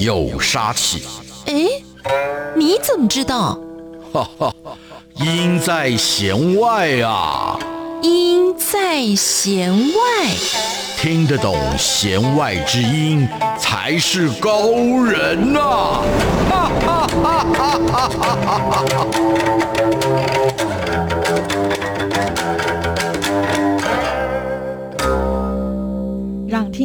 有殺氣。哎，你怎麼知道？哈哈哈，音在弦外啊！音在弦外，聽得懂弦外之音才是高人吶！哈哈哈哈哈！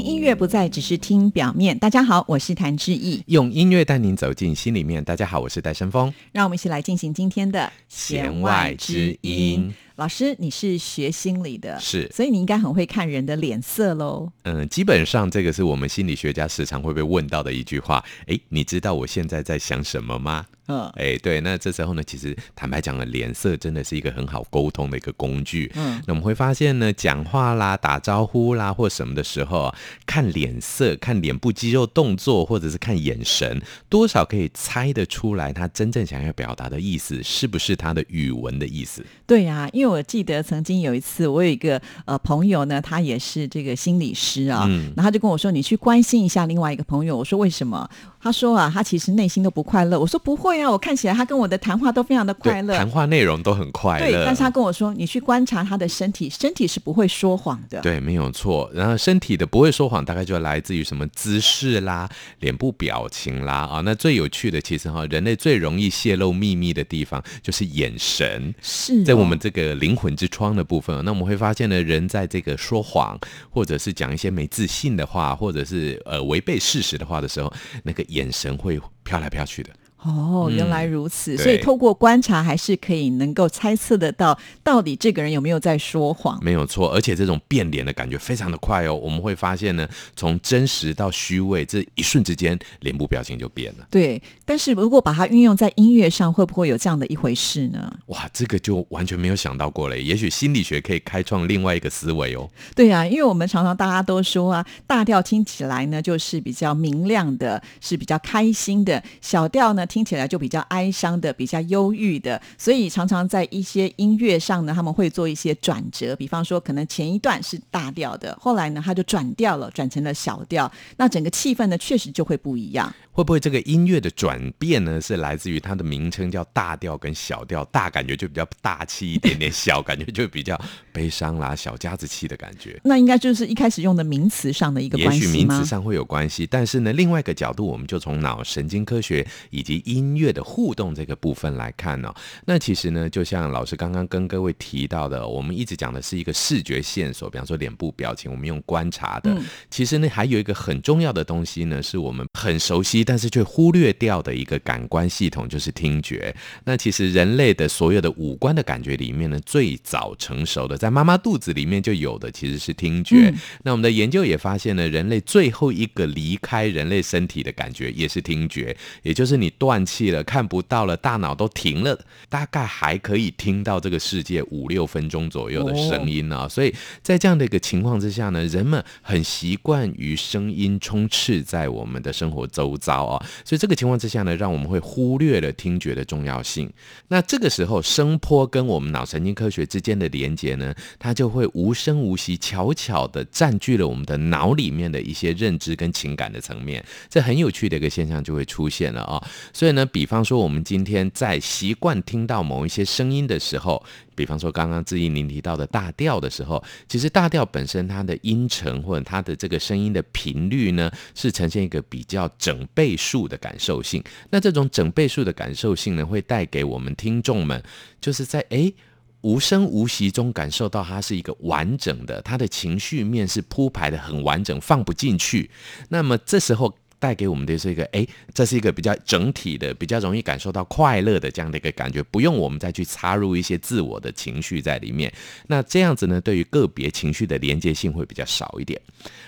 音樂不再只是聽表面。大家好，我是譚志毅。用音樂帶您走進心裡面。大家好，我是戴生峰。讓我們一起來進行今天的弦外，弦外之音。老師，你是學心理的，是，所以你應該很會看人的臉色嘍？嗯，基本上這個是我們心理學家時常會被問到的一句話。哎，你知道我現在在想什麼嗎？嗯，哎，對，那這時候呢，其實坦白講呢，臉色真的是一個很好溝通的一個工具。嗯，那我們會發現呢，講話啦、打招呼啦或什麼的時候，啊，看臉色、看臉部肌肉動作，或者是看眼神，多少可以猜得出來他真正想要表達的意思，是不是他的語文的意思？對啊，因為我記得曾經有一次，我有一個呃朋友呢，他也是這個心理師啊，嗯，然後他就跟我說：“你去關心一下另外一個朋友。”我說：“為什麼？”他說啊，他其實內心都不快樂。我說不會啊，我看起來他跟我的談話都非常的快樂，談話內容都很快樂。對，但是他跟我說，你去觀察他的身體，身體是不會說謊的。對，沒有錯。然後身體的不會說謊，大概就來自於什麼姿勢啦、臉部表情啦啊、哦。那最有趣的其實哈，人類最容易泄露秘密的地方就是眼神，是、哦，在我們這個靈魂之窗的部分。那我們會發現呢，人在這個說謊或者是講一些沒自信的話，或者是呃違背事實的話的時候，那個。眼神會飄來飄去的。哦，原來如此、嗯，所以透過觀察還是可以能夠猜測得到到底這個人有沒有在說謊、嗯。沒有錯，而且這種變臉的感覺非常的快哦。我們會發現呢，從真實到虛偽，這一瞬之間，臉部表情就變了。對，但是如果把它運用在音樂上，會不會有這樣的一回事呢？哇，這個就完全沒有想到過了。也許心理學可以開創另外一個思維哦。對啊，因為我們常常大家都說啊，大調聽起來呢就是比較明亮的，是比較開心的，小調呢。聽起來就比較哀傷的，比較憂鬱的，所以常常在一些音樂上呢，他們會做一些轉折。比方說，可能前一段是大調的，後來呢，他就轉調了，轉成了小調，那整個氣氛呢，確實就會不一樣。會不會這個音樂的轉變呢，是來自於它的名稱叫大調跟小調，大感覺就比較大氣一點點小，小 感覺就比較悲傷啦，小家子氣的感覺。那應該就是一開始用的名詞上的一個關係嗎？也許名詞上會有關係，但是呢，另外一個角度，我們就從腦神經科學以及音樂的互動這個部分來看呢、哦。那其實呢，就像老師剛剛跟各位提到的，我們一直講的是一個視覺線索，比方說臉部表情，我們用觀察的。嗯、其實呢，還有一個很重要的東西呢，是我們很熟悉。但是卻忽略掉的一個感官系統就是聽覺。那其實人類的所有的五官的感覺裡面呢，最早成熟的在媽媽肚子裡面就有的其實是聽覺。嗯。那我們的研究也發現呢，人類最後一個離開人類身體的感覺也是聽覺，也就是你斷氣了、看不到了、大腦都停了，大概還可以聽到這個世界五六分鐘左右的聲音呢。哦哦。所以，在這樣的一個情況之下呢，人們很習慣於聲音充斥在我們的生活周遭。好哦，所以這個情況之下呢，讓我們會忽略了聽覺的重要性。那這個時候，聲波跟我們腦神經科學之間的連接呢，它就會無聲無息，悄悄的占據了我們的腦裡面的一些認知跟情感的層面。這很有趣的一個現象就會出現了啊、哦。所以呢，比方說，我們今天在習慣聽到某一些聲音的時候。比方說，剛剛志於您提到的大調的時候，其實大調本身它的音程或者它的這個聲音的頻率呢，是呈現一個比較整倍數的感受性。那這種整倍數的感受性呢，會帶給我們聽眾們，就是在誒無聲無息中感受到它是一個完整的，它的情緒面是鋪排得很完整，放不進去。那麼這時候。帶給我們的是一個，哎、欸，這是一個比較整體的、比較容易感受到快樂的這樣的一個感覺，不用我們再去插入一些自我的情緒在裡面。那這樣子呢，對於個別情緒的連接性會比較少一點。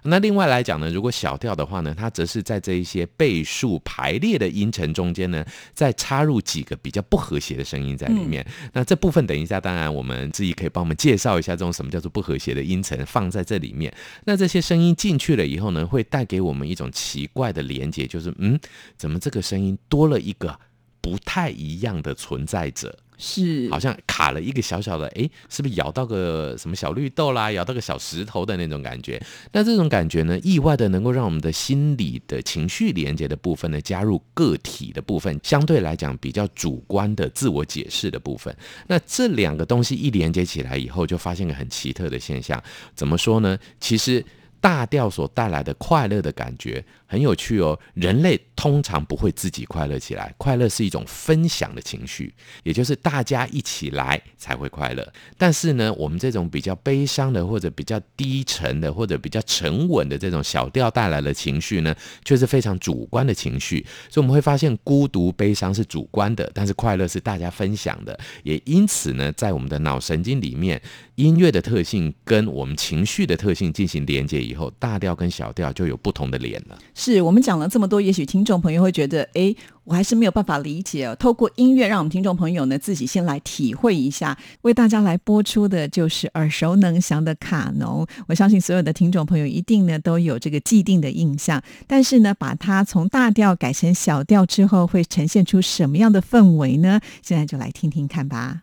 那另外來講呢，如果小調的話呢，它則是在這一些倍數排列的音程中間呢，再插入幾個比較不和諧的聲音在裡面。嗯、那這部分等一下，當然我們自己可以幫我們介紹一下，這種什麼叫做不和諧的音程放在這裡面。那這些聲音進去了以後呢，會帶給我們一種奇怪的。的連接就是，嗯，怎麼這個聲音多了一個不太一樣的存在者？是，好像卡了一個小小的，誒、欸，是不是咬到個什麼小綠豆啦，咬到個小石頭的那種感覺？那這種感覺呢，意外的能夠讓我們的心理的情緒連接的部分呢，加入個體的部分，相對來講比較主觀的自我解釋的部分。那這兩個東西一連接起來以後，就發現一個很奇特的現象，怎麼說呢？其實。大調所帶來的快樂的感覺很有趣哦。人類通常不會自己快樂起來，快樂是一種分享的情緒，也就是大家一起來才會快樂。但是呢，我們這種比較悲傷的或者比較低沉的或者比較沉穩的這種小調帶來的情緒呢，卻是非常主觀的情緒。所以我們會發現，孤獨悲傷是主觀的，但是快樂是大家分享的。也因此呢，在我們的腦神經裡面。音樂的特性跟我們情緒的特性進行連接以後，大調跟小調就有不同的臉了。是我們講了這麼多，也許聽眾朋友會覺得，誒，我還是沒有辦法理解哦。透過音樂，讓我們聽眾朋友呢自己先來體會一下。為大家來播出的就是耳熟能詳的《卡農》，我相信所有的聽眾朋友一定呢都有這個既定的印象。但是呢，把它從大調改成小調之後，會呈現出什麼樣的氛圍呢？現在就來聽聽看吧。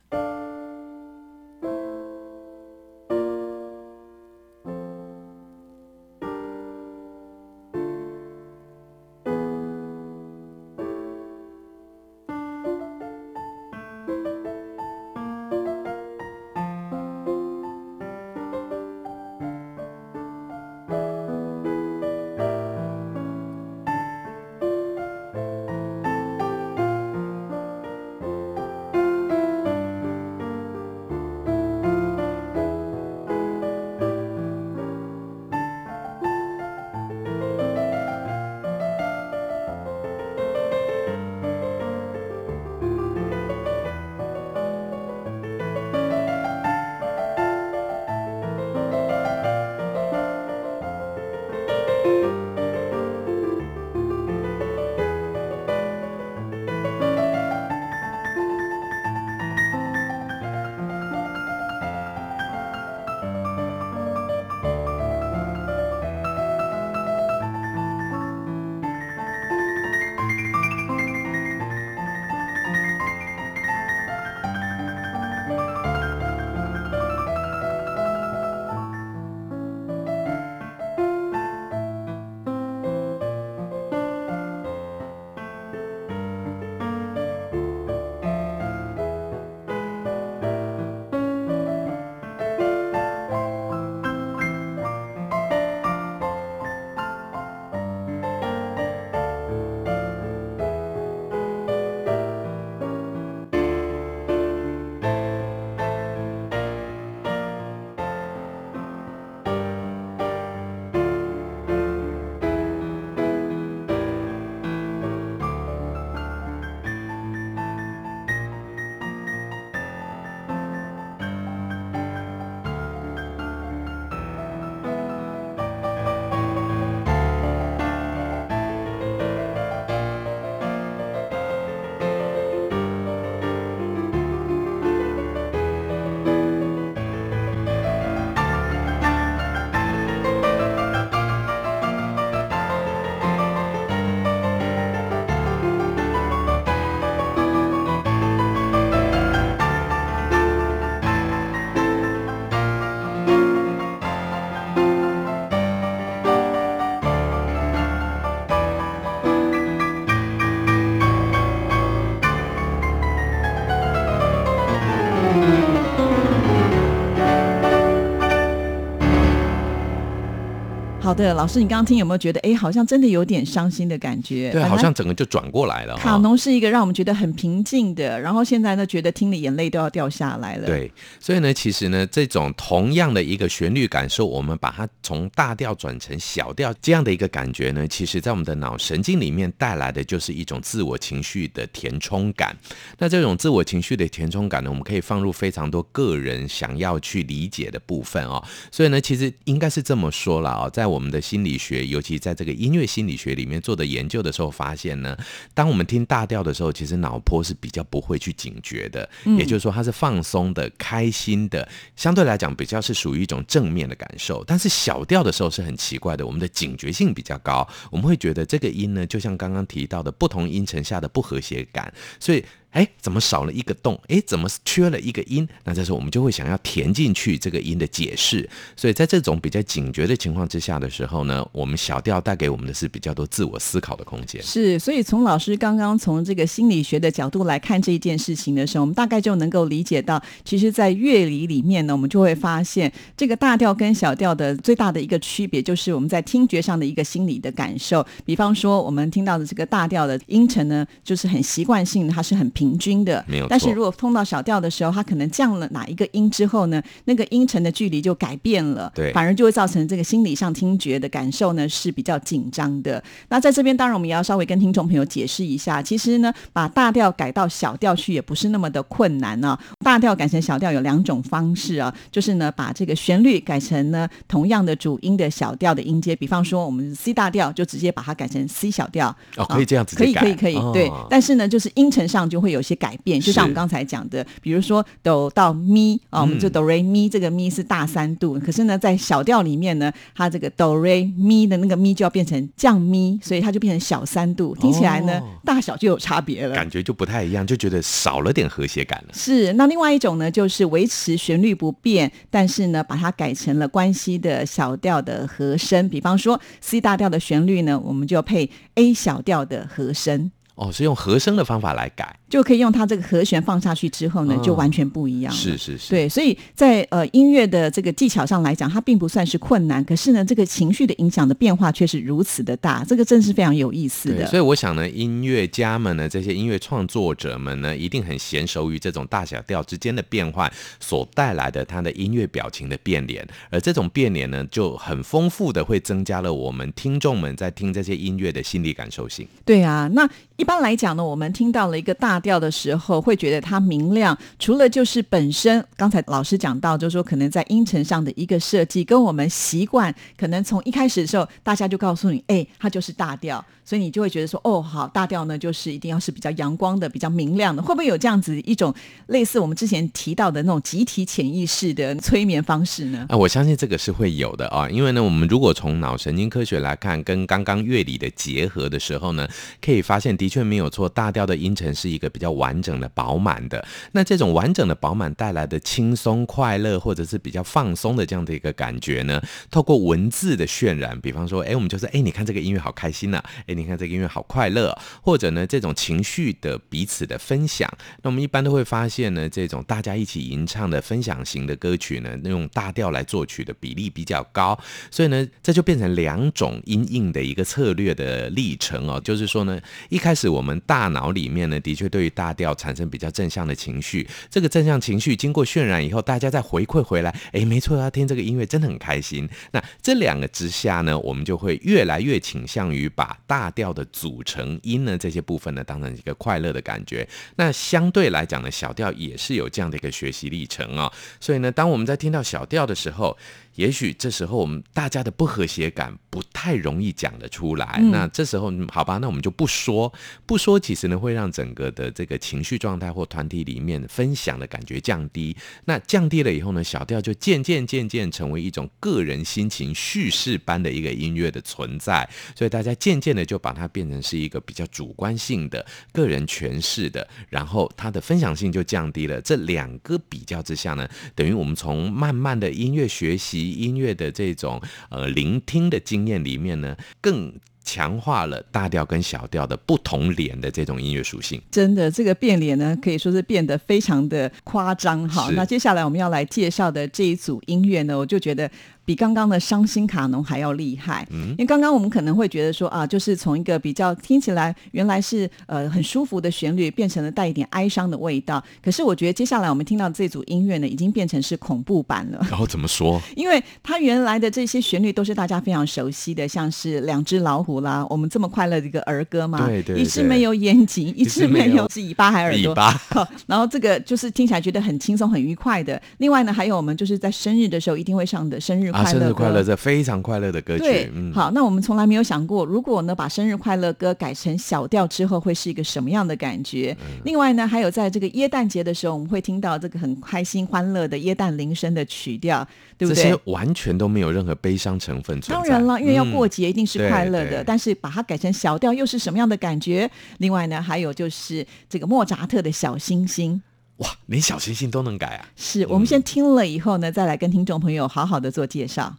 對，老師，你剛剛聽有沒有覺得，哎、欸，好像真的有點傷心的感覺？對，好像整個就轉過來了。來卡農是一個讓我們覺得很平靜的，然後現在呢，覺得聽的眼淚都要掉下來了。對，所以呢，其實呢，這種同樣的一個旋律感受，我們把它從大調轉成小調，這樣的一個感覺呢，其實在我們的腦神經裡面帶來的就是一種自我情緒的填充感。那這種自我情緒的填充感呢，我們可以放入非常多個人想要去理解的部分哦。所以呢，其實應該是這麼說啦哦，在我們。我們的心理學，尤其在這個音樂心理學裡面做的研究的時候，發現呢，當我們聽大調的時候，其實腦波是比較不會去警覺的，嗯、也就是說它是放鬆的、開心的，相對來講比較是屬於一種正面的感受。但是小調的時候是很奇怪的，我們的警覺性比較高，我們會覺得這個音呢，就像剛剛提到的不同音程下的不和諧感，所以。哎，怎麼少了一個洞？哎，怎麼缺了一個音？那這時候我們就會想要填進去這個音的解釋。所以在這種比較警覺的情況之下的時候呢，我們小調帶給我們的是比較多自我思考的空間。是，所以從老師剛剛從這個心理學的角度來看這一件事情的時候，我們大概就能夠理解到，其實，在樂理裡面呢，我們就會發現這個大調跟小調的最大的一個區別，就是我們在聽覺上的一個心理的感受。比方說，我們聽到的這個大調的音程呢，就是很習慣性，它是很平。平均的，沒有。但是如果碰到小調的時候，它可能降了哪一個音之後呢，那個音程的距離就改變了，對，反而就會造成這個心理上聽覺的感受呢，是比較緊張的。那在這邊，當然我們也要稍微跟聽眾朋友解釋一下，其實呢，把大調改到小調去也不是那麼的困難啊。大調改成小調有兩種方式啊，就是呢，把這個旋律改成呢，同樣的主音的小調的音階，比方說我們 C 大調就直接把它改成 C 小調，哦，哦，可以這樣子，可以可以可以，哦，對。但是呢，就是音程上就會。有些改變，就像我們剛才講的，比如說哆到咪哦，我們就哆來咪，這個咪是大三度。嗯、可是呢，在小調裡面呢，它這個哆來咪的那個咪就要變成降咪，所以它就變成小三度，聽起來呢、哦、大小就有差別了，感覺就不太一樣，就覺得少了點和諧感了。是，那另外一種呢，就是維持旋律不變，但是呢，把它改成了關係的小調的和聲，比方說 C 大調的旋律呢，我們就要配 A 小調的和聲。哦，是用和聲的方法來改。就可以用它這個和弦放下去之後呢，哦、就完全不一樣。是是是，對，所以在呃音樂的這個技巧上來講，它並不算是困難，可是呢，這個情緒的影響的變化卻是如此的大，這個真是非常有意思的。所以我想呢，音樂家們呢，這些音樂創作者們呢，一定很嫻熟於這種大小調之間的變換所帶來的它的音樂表情的變臉，而這種變臉呢，就很豐富的會增加了我們聽眾們在聽這些音樂的心理感受性。對啊，那一般來講呢，我們聽到了一個大啊哦、剛剛大，調大調的時候會覺得它明亮，除了就是本身剛才老師講到，就是說可能在音程上的一個設計，跟我們習慣可能從一開始的時候大家就告訴你，哎，它就是大調，所以你就會覺得說，哦，好，大調呢就是一定要是比較陽光的、比較明亮的，會不會有這樣子一種類似我們之前提到的那種集體潛意識的催眠方式呢？啊，我相信這個是會有的啊、哦，因為呢，我們如果從腦神經科學來看，跟剛剛樂理的結合的時候呢，可以發現的確沒有錯，大調的音程是一個。比較完整的、飽滿的，那這種完整的、飽滿帶來的輕鬆、快樂，或者是比較放鬆的這樣的一個感覺呢，透過文字的渲染，比方說，哎、欸，我們就是，哎、欸，你看這個音樂好開心吶、啊，哎、欸，你看這個音樂好快樂，或者呢，這種情緒的彼此的分享，那我們一般都會發現呢，這種大家一起吟唱的分享型的歌曲呢，那種大調來作曲的比例比較高，所以呢，這就變成兩種因應的一個策略的歷程哦、喔。就是說呢，一開始我們大腦裡面呢，的確。對於大調產生比較正向的情緒，這個正向情緒經過渲染以後，大家再回饋回來，誒，沒錯，要聽這個音樂真的很開心。那這兩個之下呢，我們就會越來越傾向於把大調的組成音呢，這些部分呢，當成一個快樂的感覺。那相對來講呢，小調也是有這樣的一個學習歷程啊。所以呢，當我們在聽到小調的時候。也許這時候我們大家的不和諧感不太容易講得出來，嗯，那這時候好吧，那我們就不說，不說其實呢會讓整個的這個情緒狀態或團體裡面分享的感覺降低。那降低了以後呢，小調就漸漸漸漸成為一種個人心情敘事般的一個音樂的存在，所以大家漸漸的就把它變成是一個比較主觀性的個人詮釋的，然後它的分享性就降低了。這兩個比較之下呢，等於我們從慢慢的音樂學習，音樂的這種呃聆聽的經驗裡面呢，更強化了大調跟小調的不同臉的這種音樂屬性。真的，這個變臉呢，可以說是變得非常的誇張。好，那接下來我們要來介紹的這一組音樂呢，我就覺得。比剛剛的傷心卡農還要厲害，嗯、因為剛剛我們可能會覺得說啊，就是從一個比較聽起來原來是呃很舒服的旋律，變成了帶一點哀傷的味道。可是我覺得接下來我們聽到這組音樂呢，已經變成是恐怖版了。然後、哦、怎麼說？因為它原來的這些旋律都是大家非常熟悉的，像是兩隻老虎啦，我們這麼快樂的一個兒歌嘛。對對對。一隻沒有眼睛，對對對，一隻沒有，一隻沒有尾巴還是耳朵？尾巴、 哦。然後這個就是聽起來覺得很輕鬆很愉快的。另外呢，還有我們就是在生日的時候一定會上的生日。啊，啊！生日快樂，這非常快樂的歌曲。嗯，好，那我們從來沒有想過，如果呢把生日快樂歌改成小調之後，會是一個什麼樣的感覺？嗯。另外呢，還有在這個耶誕節的時候，我們會聽到這個很開心、歡樂的耶誕鈴聲的曲調，對不對？這些完全都沒有任何悲傷成分存在。當然了，因為要過節，一定是快樂的、嗯。但是把它改成小調又是什麼樣的感覺？對對。另外呢，還有就是這個莫扎特的小星星。哇，連小星星都能改啊！是、嗯、我們先聽了以後呢，再來跟聽眾朋友好好的做介紹。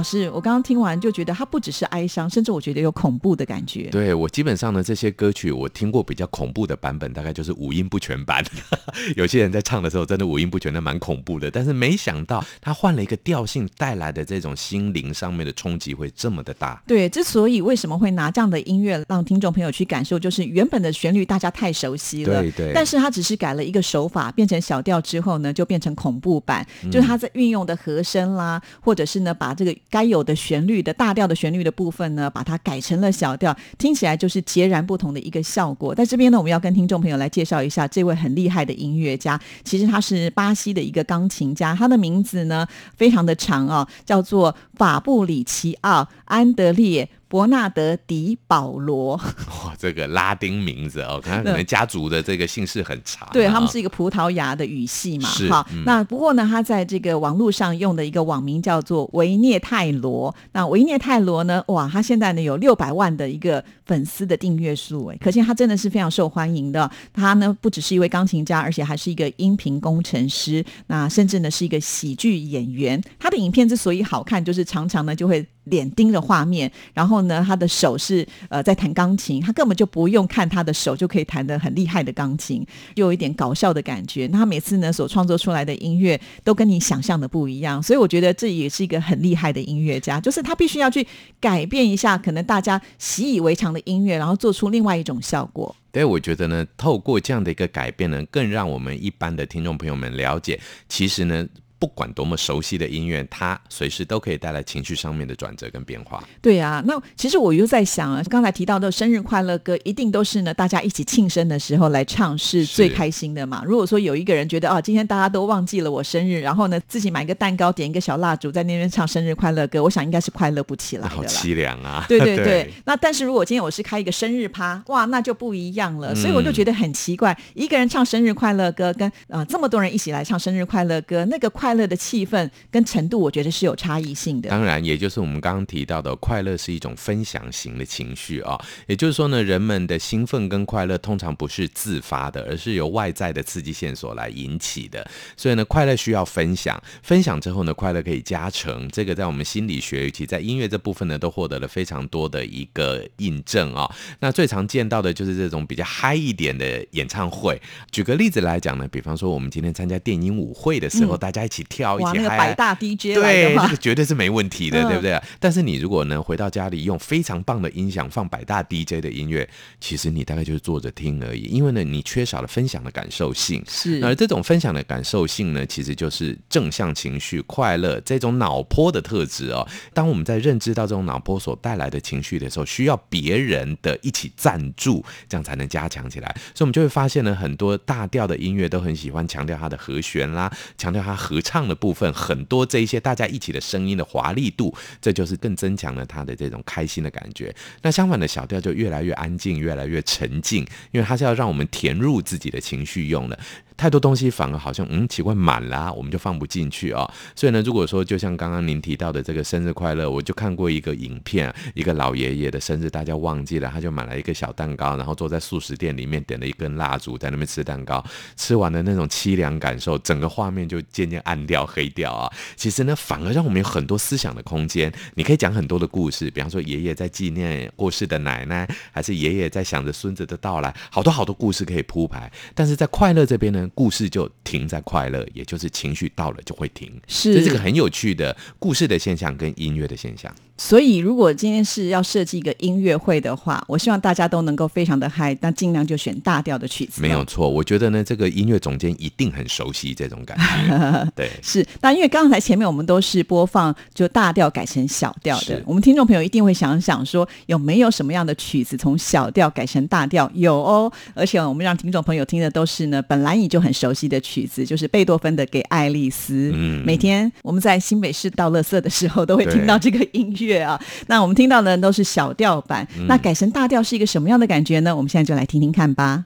老、哦、師，我剛剛聽完就覺得它不只是哀傷，甚至我覺得有恐怖的感覺。對，我基本上呢，這些歌曲我聽過比較恐怖的版本，大概就是五音不全版。 有些人在唱的時候，真的五音不全，的蠻恐怖的。但是沒想到他換了一個調性，帶來的這種心靈上面的衝擊會這麼的大。對，之所以為什麼會拿這樣的音樂讓聽眾朋友去感受，就是原本的旋律大家太熟悉了，對對。但是他只是改了一個手法，變成小調之後呢，就變成恐怖版。嗯、就是他在運用的和聲啦，或者是呢，把這個。該有的旋律的大調的旋律的部分呢，把它改成了小調，聽起來就是截然不同的一個效果。在這邊呢，我們要跟聽眾朋友來介紹一下這位很厲害的音樂家，其實他是巴西的一個鋼琴家，他的名字呢，非常的長啊、哦，叫做法布里奇奧·安德烈，伯納德·迪保羅，哇，這個拉丁名字哦，看來你們家族的這個姓氏很長、啊。對，他們是一個葡萄牙的語系嘛。是好、嗯，那不過呢，他在這個網絡上用的一個網名叫做維涅泰羅。那維涅泰羅呢，哇，他現在呢有六百萬的一個粉絲的訂閱數哎，可見他真的是非常受歡迎的。他呢不只是一位鋼琴家，而且還是一個音頻工程師，那甚至呢是一個喜劇演員。他的影片之所以好看，就是常常呢就會臉盯着畫面，然後呢。呢，他的手是呃在彈鋼琴，他根本就不用看他的手就可以彈得很厲害的鋼琴，就有一點搞笑的感覺。那他每次呢所創作出來的音樂都跟你想象的不一樣，所以我覺得這也是一個很厲害的音樂家，就是他必須要去改變一下可能大家習以為常的音樂，然後做出另外一種效果。對，我覺得呢，透過這樣的一個改變呢，更讓我們一般的聽眾朋友們了解，其實呢。不管多麼熟悉的音樂，它隨時都可以帶來情緒上面的轉折跟變化。對啊，那其實我又在想啊，剛才提到的生日快樂歌，一定都是呢大家一起慶生的時候來唱，是最開心的嘛。如果說有一個人覺得啊，今天大家都忘記了我生日，然後呢自己買一個蛋糕，點一個小蠟燭，在那邊唱生日快樂歌，我想應該是快樂不起來的。好淒涼啊！對對對，對。那但是如果今天我是開一個生日趴，哇，那就不一樣了。所以我就覺得很奇怪，嗯、一個人唱生日快樂歌，跟啊這麼多人一起來唱生日快樂歌，那個快。快樂的氣氛跟程度，我覺得是有差異性的。當然，也就是我們剛剛提到的，快樂是一種分享型的情緒啊。也就是說呢，人們的興奮跟快樂通常不是自發的，而是由外在的刺激線索來引起的。所以呢，快樂需要分享，分享之後呢，快樂可以加成。這個在我們心理學以及在音樂這部分呢，都獲得了非常多的一個印證啊。那最常見到的就是這種比較嗨一點的演唱會。舉個例子來講呢，比方說我們今天參加電音舞會的時候，大家一起。跳一起，跳一起、啊那個、百大 DJ 的對，這個、絕對是沒問題的，嗯、對不對、啊？但是你如果能回到家裡用非常棒的音響放百大 DJ 的音樂，其實你大概就是坐着聽而已，因為呢，你缺少了分享的感受性。是，而這種分享的感受性呢，其實就是正向情緒、快樂這種腦波的特質哦。當我們在認知到這種腦波所帶來的情緒的時候，需要別人的一起贊助，這樣才能加強起來。所以，我們就會發現呢，很多大調的音樂都很喜歡強調它的和弦啦，強調它和。唱的部分很多，這一些大家一起的聲音的華麗度，這就是更增強了他的這種開心的感覺。那相反的小調就越來越安靜，越來越沉靜，因為它是要讓我們填入自己的情緒用的。太多東西反而好像嗯奇怪滿啦啊，我們就放不進去哦。所以呢，如果說就像剛剛您提到的這個生日快樂，我就看過一個影片，一個老爺爺的生日，大家忘記了，他就買了一個小蛋糕，然後坐在速食店裡面點了一根蠟燭，在那邊吃蛋糕，吃完了那種淒涼感受，整個畫面就漸漸暗掉黑掉啊。其實呢，反而讓我們有很多思想的空間，你可以講很多的故事，比方說爺爺在紀念過世的奶奶，還是爺爺在想着孫子的到來，好多好多故事可以鋪排。但是在快樂這邊呢，故事就停在快樂，也就是情緒到了就會停。是，就是、這是個很有趣的故事的現象跟音樂的現象。所以，如果今天是要設計一個音樂會的話，我希望大家都能夠非常的嗨，那盡量就選大調的曲子。沒有錯，我覺得呢，這個音樂總監一定很熟悉這種感覺。 對，是。那因為剛才前面我們都是播放就大調改成小調的，我們聽眾朋友一定會想想說，有沒有什麼樣的曲子從小調改成大調？有哦，而且我們讓聽眾朋友聽的都是呢，本來你就很熟悉的曲子，就是貝多芬的《給愛麗絲》。嗯。每天我們在新北市倒垃圾的時候，都會聽到這個音樂。對啊，那我們聽到的都是小調版，嗯，那改成大調是一個什麼樣的感覺呢？我們現在就來聽聽看吧。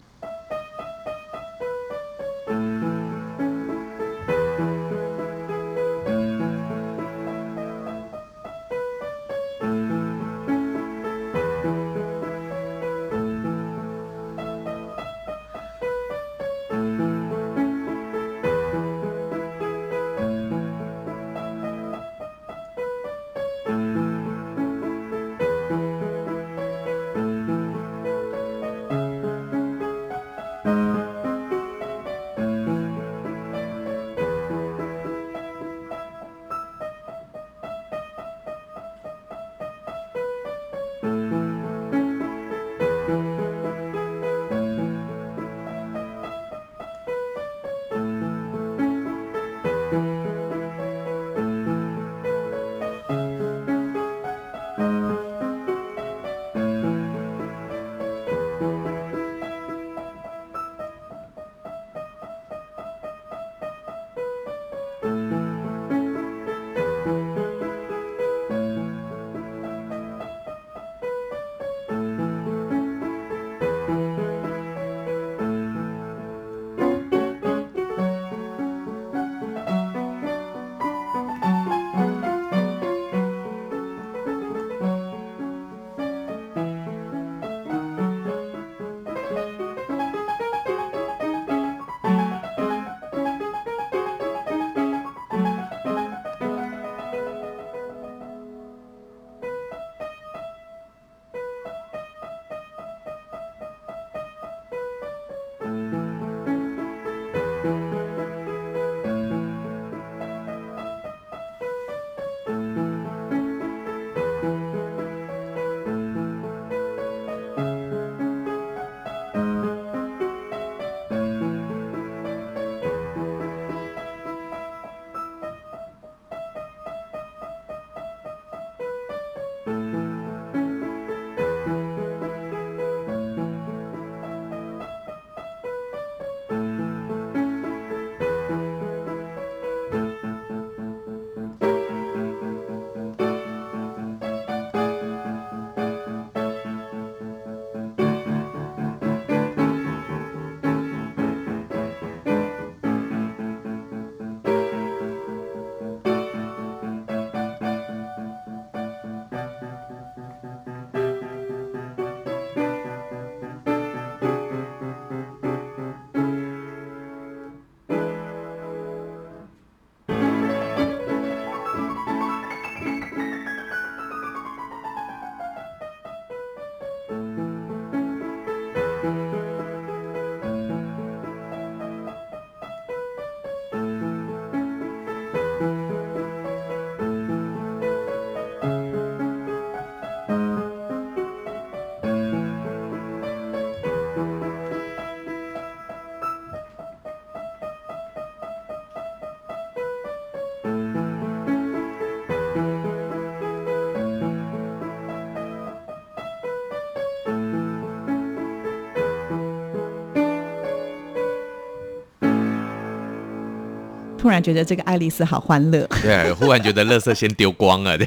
突然覺得這個愛麗絲好歡樂，對，忽然覺得垃圾先丟光了。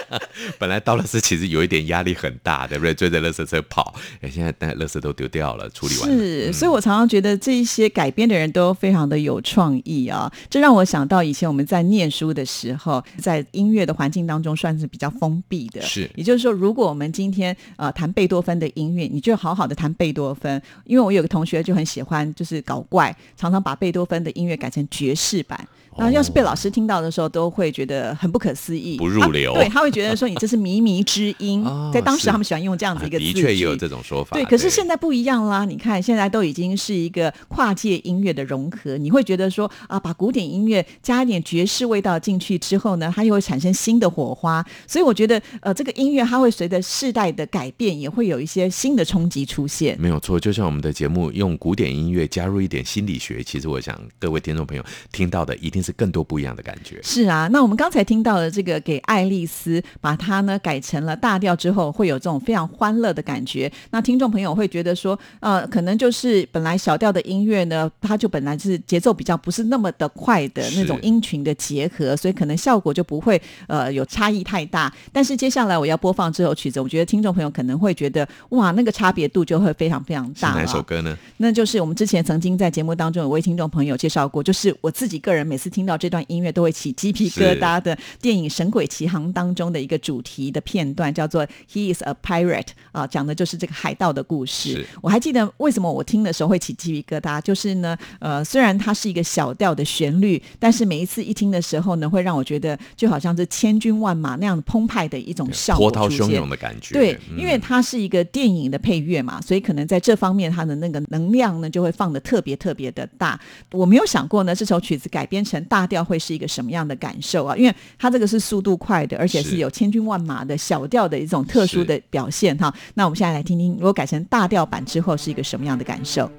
本來倒垃圾其實有一點壓力很大，對不對？追着垃圾車跑，哎、欸，現在但垃圾都丟掉了，處理完了是、嗯。所以我常常覺得這一些改編的人都非常的有創意啊，這讓我想到以前我們在念書的時候，在音樂的環境當中算是比較封閉的。是，也就是說，如果我們今天呃談貝多芬的音樂，你就好好的談貝多芬。因為我有個同學就很喜歡，就是搞怪，常常把貝多芬的音樂改成爵士版。然、啊、後，要是被老師聽到的時候，都會覺得很不可思議，不入流。啊、對，他會覺得說你這是靡靡之音、 啊。在當時，他們喜歡用這樣子一個字、啊、的確也有這種說法對。對，可是現在不一樣啦。你看，現在都已經是一個跨界音樂的融合，你會覺得說啊，把古典音樂加一點爵士味道進去之後呢，它又會產生新的火花。所以，我覺得呃，這個音樂它會隨着世代的改變，也會有一些新的衝擊出現。沒有錯，就像我們的節目用古典音樂加入一點心理學，其實我想各位聽眾朋友聽到的一定是。是更多不一樣的感覺。是啊，那我們剛才聽到的這個給愛麗絲，把它呢改成了大調之後，會有這種非常歡樂的感覺。那聽眾朋友會覺得說，呃，可能就是本來小調的音樂呢，它就本來就是節奏比較不是那麼的快的那種音群的結合，所以可能效果就不會呃有差異太大。但是接下來我要播放這首曲子，我覺得聽眾朋友可能會覺得，哇，那個差別度就會非常非常大。是哪首歌呢？那就是我們之前曾經在節目當中有為聽眾朋友介紹過，就是我自己個人每次聽。聽到這段音樂都會起雞皮疙瘩的電影《神鬼奇航》當中的一個主題的片段，叫做《He is a Pirate》啊、呃，講的就是這個海盜的故事。我還記得為什麼我聽的時候會起雞皮疙瘩，就是呢，呃，雖然它是一個小調的旋律，但是每一次一聽的時候呢，會讓我覺得就好像這千軍萬馬那樣澎湃的一種效果，波濤洶湧的感覺。對，因為它是一個電影的配樂嘛，嗯、所以可能在這方面它的那個能量呢，就會放得特別特別的大。我沒有想過呢，這首曲子改編成。大調會是一個什麼樣的感受啊？因為它這個是速度快的，而且是有千軍萬馬的小調的一種特殊的表現哈。那我們現在來聽聽，如果改成大調版之後是一個什麼樣的感受？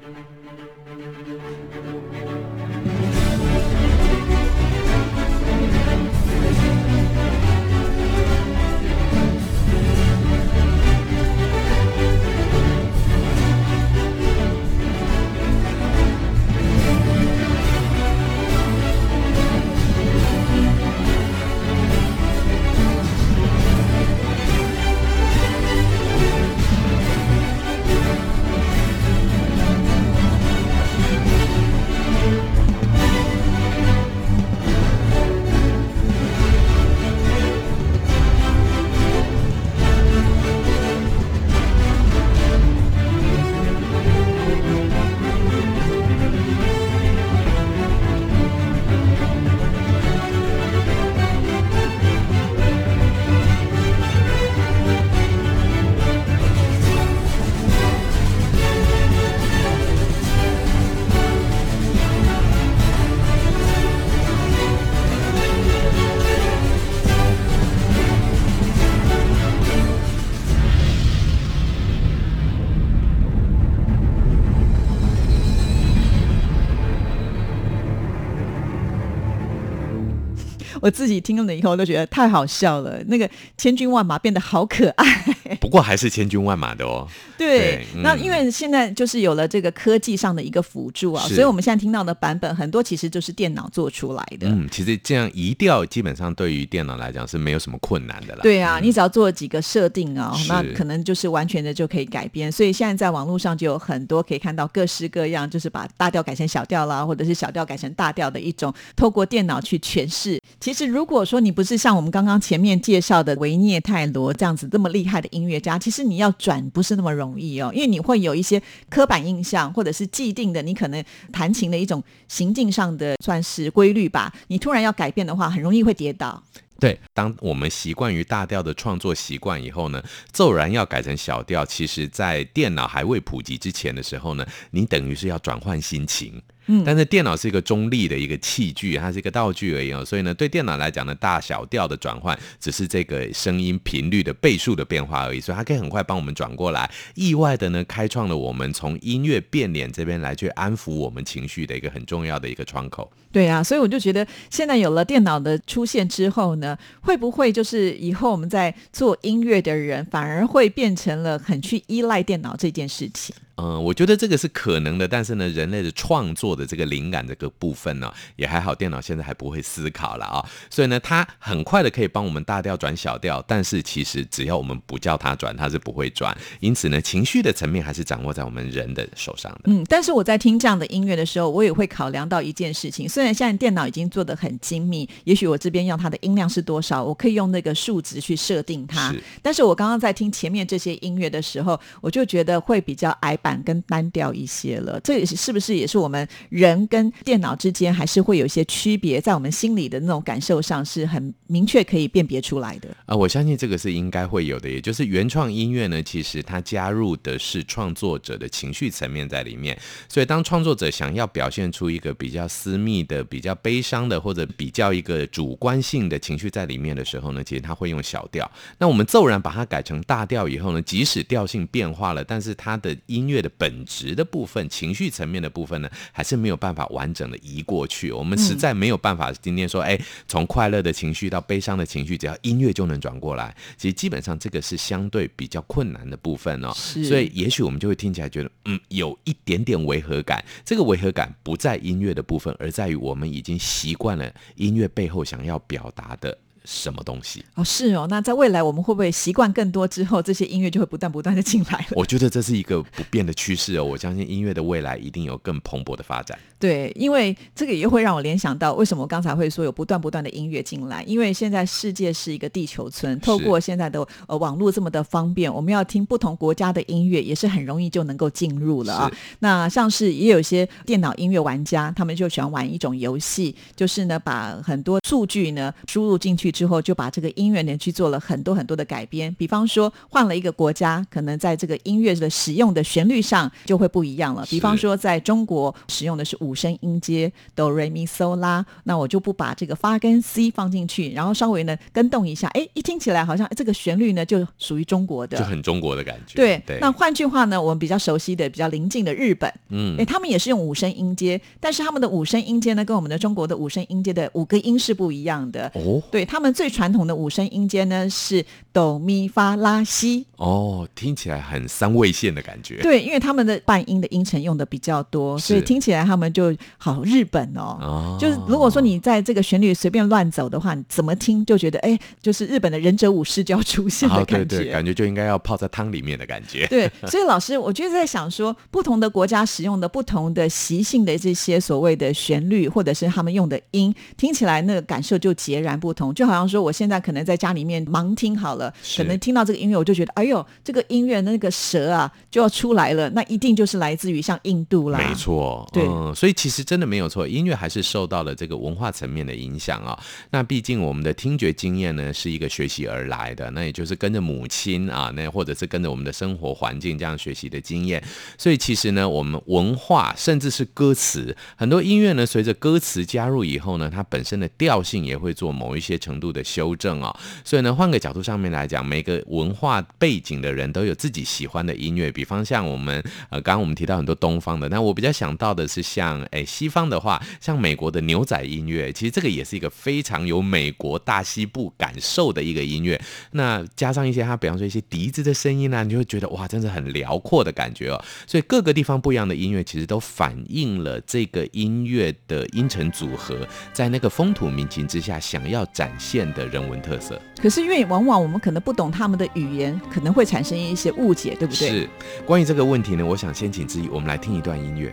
我自己聽了以後都覺得太好笑了，那個千軍萬馬變得好可愛。不過還是千軍萬馬的哦。對、嗯，那因為現在就是有了這個科技上的一個輔助啊、哦，所以我們現在聽到的版本很多其實就是電腦做出來的。嗯，其實這樣移調基本上對於電腦來講是沒有什麼困難的啦。對啊，嗯、你只要做幾個設定啊、哦，那可能就是完全的就可以改編。所以現在在網絡上就有很多可以看到各式各樣，就是把大調改成小調啦，或者是小調改成大調的一種，透過電腦去詮釋。其實，如果說你不是像我們剛剛前面介紹的維涅泰羅這樣子這麼厲害的音樂家，其實你要轉不是那麼容易哦，因為你會有一些刻板印象或者是既定的，你可能彈琴的一種行徑上的算是規律吧。你突然要改變的話，很容易會跌倒。對，當我們習慣於大調的創作習慣以後呢，驟然要改成小調，其實，在電腦還未普及之前的時候呢，你等於是要轉換心情。嗯，但是電腦是一個中立的一個器具，它是一個道具而已哦，所以呢，對電腦來講呢，大小調的轉換只是這個聲音頻率的倍數的變化而已，所以它可以很快幫我們轉過來。意外的呢，開創了我們從音樂變臉這邊來去安撫我們情緒的一個很重要的一個窗口。對啊，所以我就覺得現在有了電腦的出現之後呢，會不會就是以後我們在做音樂的人反而會變成了很去依賴電腦這件事情？嗯，我覺得這個是可能的，但是呢，人類的創作的這個靈感這個部分呢、哦，也還好。電腦現在還不會思考了啊、哦，所以呢，它很快的可以幫我們大調轉小調，但是其實只要我們不叫它轉，它是不會轉。因此呢，情緒的層面還是掌握在我們人的手上的。嗯，但是我在聽這樣的音樂的時候，我也會考量到一件事情。雖然現在電腦已經做得很精密，也許我這邊要它的音量是多少，我可以用那個數值去設定它。但是我剛剛在聽前面這些音樂的時候，我就覺得會比較呆板跟單調一些了，這也是是不是也是我們人跟電腦之間還是會有一些區別，在我們心裡的那種感受上是很明確可以辨別出來的啊、呃？我相信這個是應該會有的，也就是原創音樂呢，其實它加入的是創作者的情緒層面在裡面，所以當創作者想要表現出一個比較私密的、比較悲傷的或者比較一個主觀性的情緒在裡面的時候呢，其實他會用小調。那我們驟然把它改成大調以後呢，即使調性變化了，但是它的音樂。的本質的部分，情緒層面的部分呢，還是沒有辦法完整的移過去。我們實在沒有辦法，今天說，哎、欸，從快樂的情緒到悲傷的情緒，只要音樂就能轉過來。其實基本上這個是相對比較困難的部分哦。是。所以也許我們就會聽起來覺得，嗯，有一點點違和感。這個違和感不在音樂的部分，而在於我們已經習慣了音樂背後想要表達的。什麼東西哦？是哦，那在未來我們會不會習慣更多之後，這些音樂就會不斷不斷地進來了？我覺得這是一個不變的趨勢哦。 我相信音樂的未來一定有更蓬勃的發展。對，因為這個也會讓我聯想到為什麼我剛才會說有不斷不斷的音樂進來，因為現在世界是一個地球村，透過現在的呃網絡這麼的方便，我們要聽不同國家的音樂也是很容易就能夠進入了啊。那像是也有些電腦音樂玩家，他們就喜歡玩一種遊戲，就是呢把很多數據呢輸入進去。之後就把這個音樂呢去做了很多很多的改編，比方說，換了一個國家，可能在這個音樂的使用的旋律上就會不一樣了。比方說在中國使用的是五聲音階，哆瑞咪嗦啦，那我就不把這個發跟 c 放進去，然後稍微呢跟動一下，哎，一聽起來好像這個旋律呢就屬於中國的，就很中國的感覺對。對，那換句話呢，我們比較熟悉的、比較臨近的日本，嗯，哎，他們也是用五聲音階，但是他們的五聲音階呢跟我們的中國的五聲音階的五個音是不一樣的。哦，對他們。他們最傳統的五聲音階呢是哆咪發拉西哦，聽起來很三味線的感覺。對，因為他們的半音的音程用的比較多，所以聽起來他們就好日本哦。哦，就是如果說你在這個旋律隨便亂走的話，你怎麼聽就覺得哎、欸，就是日本的忍者武士就要出現的感覺。哦、對、對，感覺就應該要泡在湯裡面的感覺。對，所以老師，我就是在想說，不同的國家使用的不同的習性的這些所謂的旋律，或者是他們用的音，聽起來那個感受就截然不同，就。好像說我現在可能在家裡面盲聽好了，可能聽到這個音樂我就覺得，哎呦，這個音樂那個蛇啊就要出來了，那一定就是來自於像印度啦。沒錯，對、嗯，所以其實真的沒有錯，音樂還是受到了這個文化層面的影響啊、哦。那畢竟我們的聽覺經驗呢是一個學習而來的，那也就是跟着母親啊，那或者是跟着我們的生活環境這樣學習的經驗。所以其實呢，我們文化甚至是歌詞，很多音樂呢隨着歌詞加入以後呢，它本身的調性也會做某一些程度的修正哦，所以呢，換個角度上面來講，每個文化背景的人都有自己喜歡的音樂。比方像我們呃，剛剛我們提到很多東方的，那我比較想到的是像誒、欸、西方的話，像美國的牛仔音樂，其實這個也是一個非常有美國大西部感受的一個音樂。那加上一些他，比方說一些笛子的聲音呢、啊，你就會覺得哇，真的很遼闊的感覺哦。所以各個地方不一樣的音樂，其實都反映了這個音樂的音程組合，在那個風土民情之下想要展現。現的人文特色，可是因為往往我們可能不懂他們的語言，可能會產生一些誤解，對不對？是關於這個問題呢，我想先請之一，我們來聽一段音樂。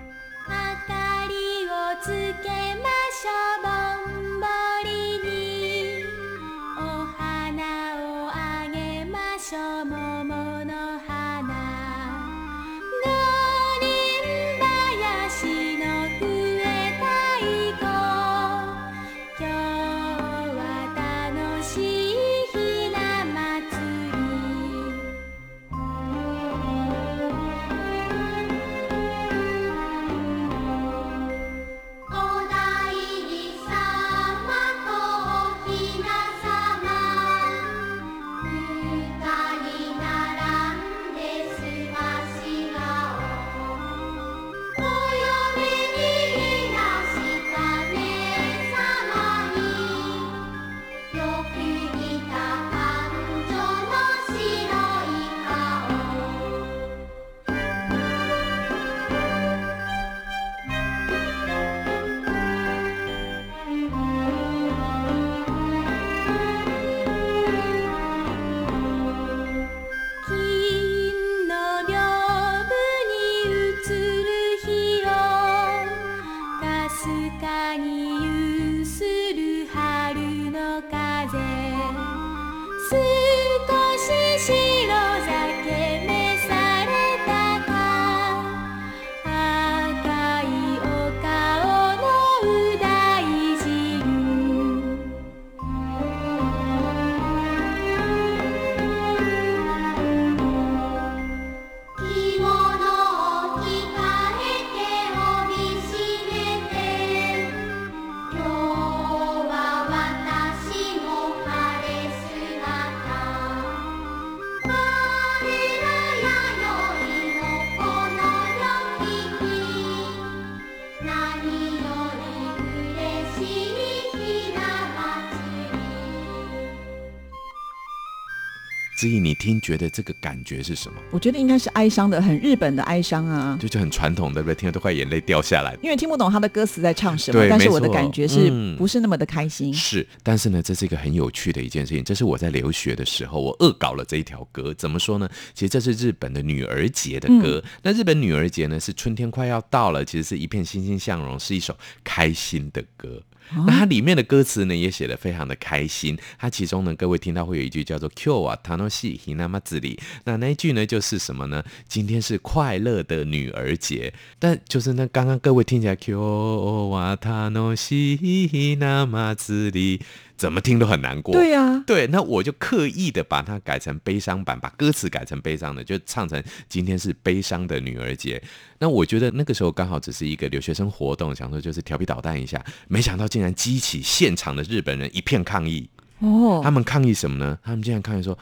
所以，你聽覺得這個感覺是什麼？我覺得應該是哀傷的，很日本的哀傷啊，就就是、很傳統的，對不對？聽得都快眼淚掉下來。因為聽不懂他的歌詞在唱什麼，但是我的感覺是不是那麼的開心、嗯？是，但是呢，這是一個很有趣的一件事情。這是我在留學的時候，我惡搞了這一條歌。怎麼說呢？其實這是日本的女兒節的歌、嗯。那日本女兒節呢，是春天快要到了，其實是一片欣欣向榮，是一首開心的歌。 那它裡面的歌詞呢，也寫得非常的開心。它其中呢，各位聽到會有一句叫做「今日は楽しいひな祭り」。那那一句呢，就是什麼呢？今天是快樂的女兒節。但就是那剛剛各位聽起來「今日は楽しいひな祭り」。怎麼聽都很難過。對呀，啊，對，那我就刻意的把它改成悲傷版，把歌詞改成悲傷的，就唱成今天是悲傷的女兒節。那我覺得那個時候剛好只是一個留學生活動，想說就是調皮搗蛋一下，沒想到竟然激起現場的日本人一片抗議。哦，他們抗議什麼呢？他們竟然抗議說。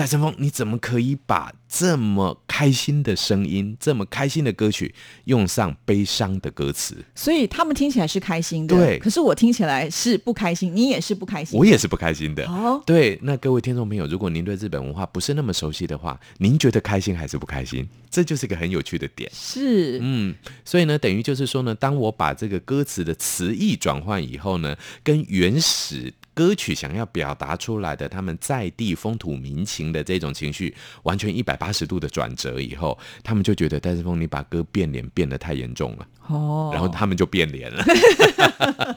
戴森峰，你怎麼可以把這麼開心的聲音、這麼開心的歌曲用上悲傷的歌詞？所以他們聽起來是開心的，對。可是我聽起來是不開心，你也是不開心，我也是不開心的。哦，對。那各位聽眾朋友，如果您對日本文化不是那麼熟悉的話，您覺得開心還是不開心？這就是一個很有趣的點。是，嗯。所以呢，等於就是說呢，當我把這個歌詞的詞義轉換以後呢，跟原始。歌曲想要表達出來的他們在地風土民情的這種情緒，完全一百八十度的轉折以後，他們就覺得戴志峰，你把歌變臉變得太嚴重了哦，oh. 然後他們就變臉了，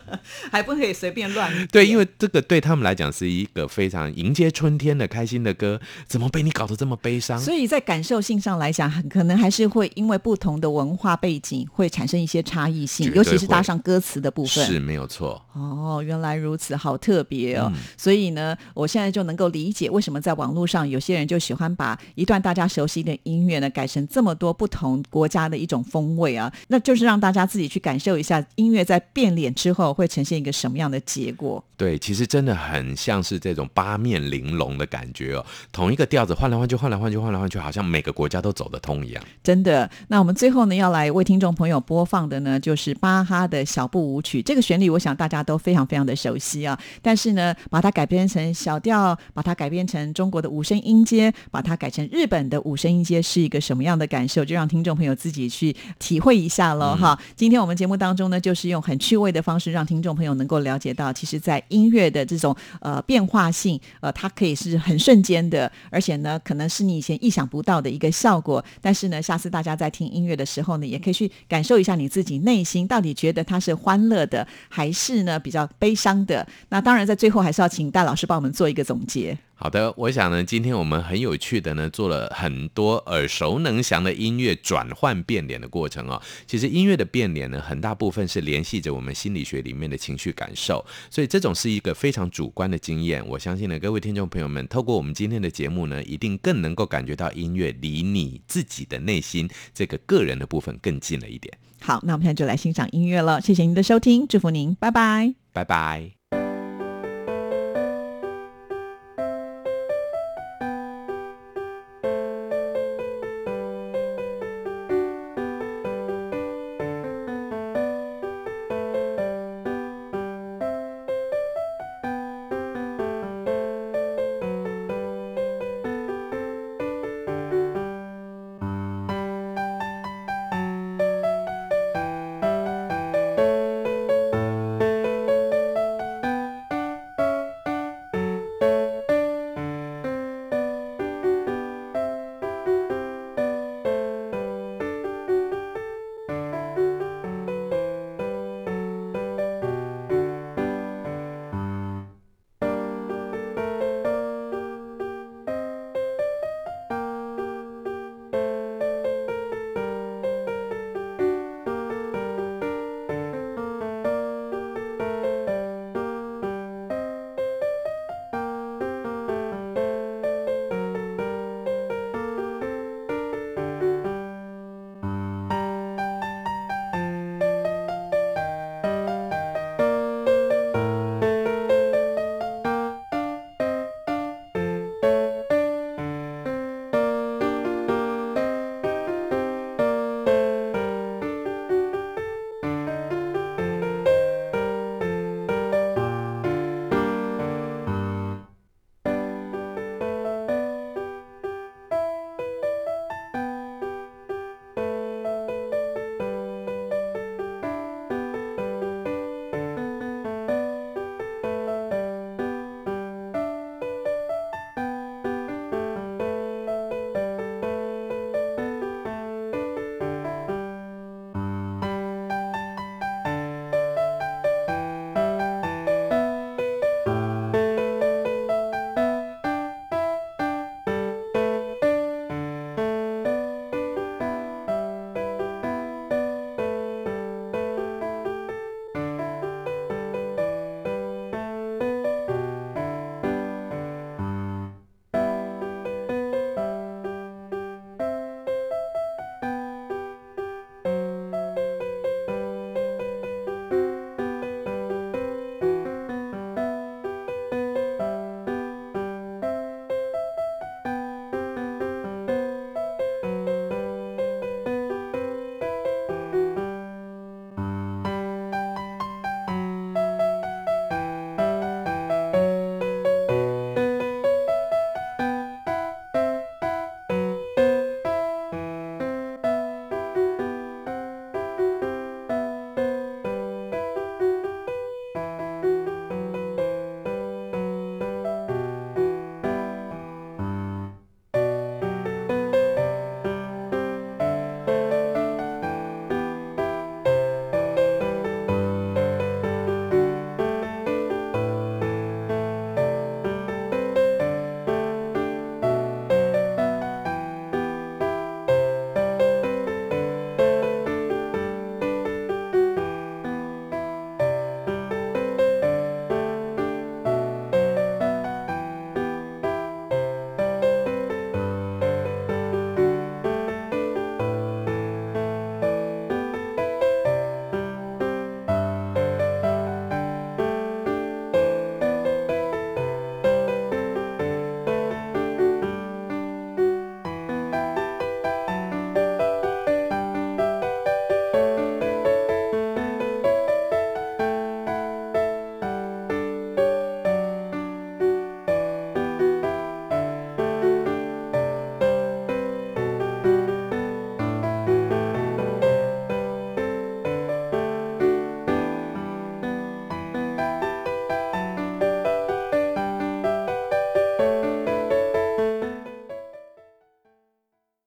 還不可以隨便亂。對，因為這個對他們來講是一個非常迎接春天的開心的歌，怎麼被你搞得這麼悲傷？所以在感受性上來講，可能還是會因為不同的文化背景會產生一些差異性，尤其是搭上歌詞的部分，是沒有錯哦。原來如此，好特別。也、嗯、哦，所以呢，我現在就能夠理解為什麼在網絡上有些人就喜歡把一段大家熟悉的音樂呢，改成這麼多不同國家的一種風味啊，那就是讓大家自己去感受一下音樂在變臉之後會呈現一個什麼樣的結果。對，其實真的很像是這種八面玲瓏的感覺哦，同一個調子換來換去，換來換去，換來換去，好像每個國家都走得通一樣。真的，那我們最後呢，要來為聽眾朋友播放的呢，就是巴哈的小步舞曲。這個旋律，我想大家都非常非常的熟悉啊，但是是呢，把它改編成小調，把它改編成中國的五聲音階，把它改成日本的五聲音階，是一個什麼樣的感受？就讓聽眾朋友自己去體會一下嘍，哈、嗯。今天我們節目當中呢，就是用很趣味的方式，讓聽眾朋友能夠了解到，其實，在音樂的這種呃變化性，呃，它可以是很瞬間的，而且呢，可能是你以前意想不到的一個效果。但是呢，下次大家在聽音樂的時候呢，也可以去感受一下你自己內心到底覺得它是歡樂的，還是呢比較悲傷的。那當然。那在最後，還是要請大老師幫我們做一個總結。好的，我想呢，今天我們很有趣的呢，做了很多耳熟能詳的音樂轉換變臉的過程哦，其實音樂的變臉呢，很大部分是聯繫着我們心理學裡面的情緒感受，所以這種是一個非常主觀的經驗。我相信呢，各位聽眾朋友們，透過我們今天的節目呢，一定更能夠感覺到音樂離你自己的內心這個個人的部分更近了一點。好，那我們現在就來欣賞音樂了。謝謝您的收聽，祝福您，拜拜，拜拜。